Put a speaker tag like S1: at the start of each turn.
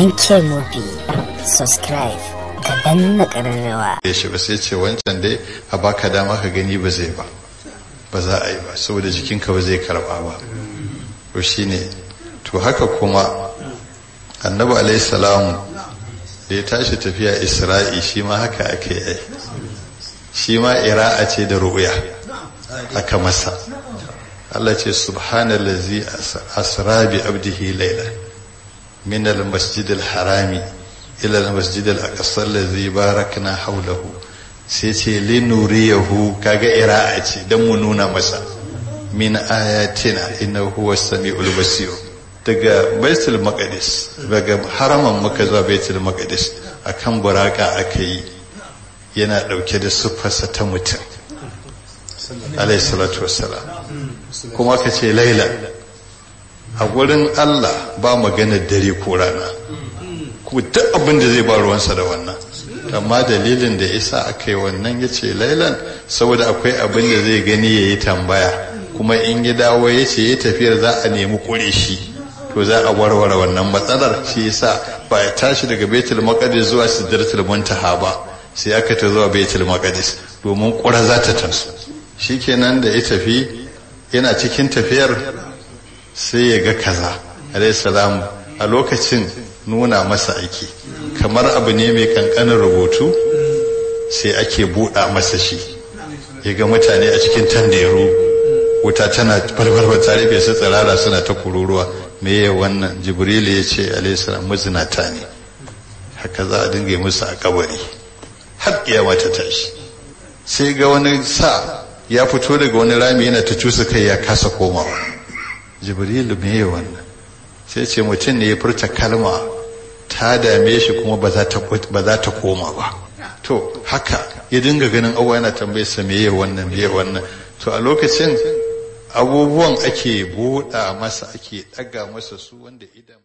S1: an mubi subscribe ka danna ƙararrawa ya shi ba sai ce wancan dai a baka dama ka gani ba zai ba ba za a yi ba saboda jikinka ba zai karba ba to shine to haka kuma annabi alaihi salamu da ya tashi tafiya isra'i shi ma haka ake yi shi ma ira'a ce da ru'ya aka masa Allah ce subhanallazi asra bi abdihi laylan من المسجد الحرام إلى المسجد الأقصى الذي باركنا حوله سيتي لنريه كاغا إراءتي دمونونا مسا من آياتنا إنه هو السميع البصير daga baitul maqdis daga haraman muka zuwa baitul maqdis akan buraka aka yi yana ɗauke da siffarsa ta mutum alayhi salatu wassalam kuma aka ce laila a gurin Allah ba maganar dare ko rana ku duk abin da zai ba ruwansa da wannan amma dalilin da isa aka yi wannan ya ce lailan saboda akwai abin da zai gani ya yi tambaya kuma in ya dawo ya ce ya tafiyar za a nemi kure shi to za a warware wannan matsalar shi yasa ba ya tashi daga betul maqdis zuwa sidratul muntaha ba sai aka ta zuwa betul maqdis domin kura za ta taso shikenan da ya tafi yana cikin tafiyar sai ya ga kaza alaihissalam a lokacin nuna masa aiki kamar abu ne mai kankanin rubutu sai ake buɗa masa shi ya ga mutane a cikin tanderu wuta tana farfarfa ta bai su tsirara suna ta kururuwa me ya wannan jibrilu ya ce alaihissalam mazinata ne haka za a dinga musu a kabari har kiyama ta tashi sai ga wani sa ya fito daga wani rami yana ta cusa kai ya kasa komawa jibrilu me ya wannan sai ce mutum ne ya furta kalma ta dame shi kuma ba za ta koma ba to haka ya dinga ganin abuwa yana tambaye sa me ya wannan me ya wannan to a lokacin abubuwan ake buɗa masa ake ɗaga masa su wanda idan